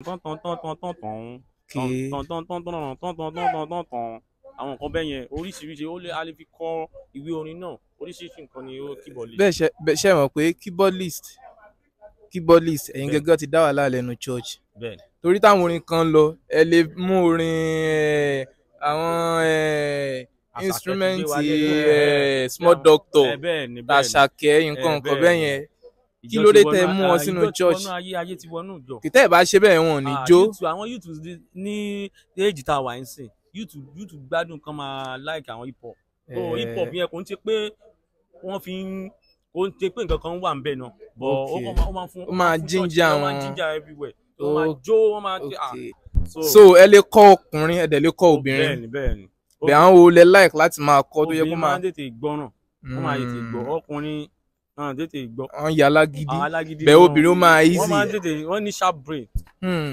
àwọn nǹkan bẹ́ẹ̀ yẹn oríṣiríṣi ó lè a lè fi kọ ìwé orin náà oríṣiríṣi nǹkan ni ó keyboardist. bẹ́ẹ̀ ṣe bẹ́ẹ̀ ṣe mọ̀ pé keyboardist keyboardist ẹ̀yin gẹ́gẹ́ ti dá wàhálà lẹ́nu church torí táwọn orin kan lọ ẹ lè mú orin àwọn instrument small doctor àṣàkẹ́ nǹkan nǹkan bẹ́ẹ̀ yẹn kí ló dé tẹ mú ọ sínú church kìtẹ́ ẹ̀ ṣe bẹ́ẹ̀ ah, wọn ò ní jó. àwọn youth ní éèjì tá a wà ń sìn youth gbádùn kan máa like àwọn hip hop so eh. hip hop yẹn kò ń ṣe pé wọ́n fi ń kò ń ṣe pé nǹkan kan wà ń bẹ̀ náà but ó máa fún ó máa jíjà wọn ó máa jíjà everywhere ó máa jó ó máa ah, so ẹ lè kọ́ ọkùnrin ẹ dẹ̀ lè kọ́ obìnrin bẹ́ẹ̀ àwọn wo lè like láti máa kọ́ tó yẹ kó máa obìnrin máa tètè gbọ́ràn ó máa tètè gbọ́ hmm. ọkùnrin wọn tètè gbọ́. wọn yà alágídí bẹ́ẹ̀ obìnrin ó máa easy. wọ́n máa ń tètè wọ́n ní sharp brain. Hmm.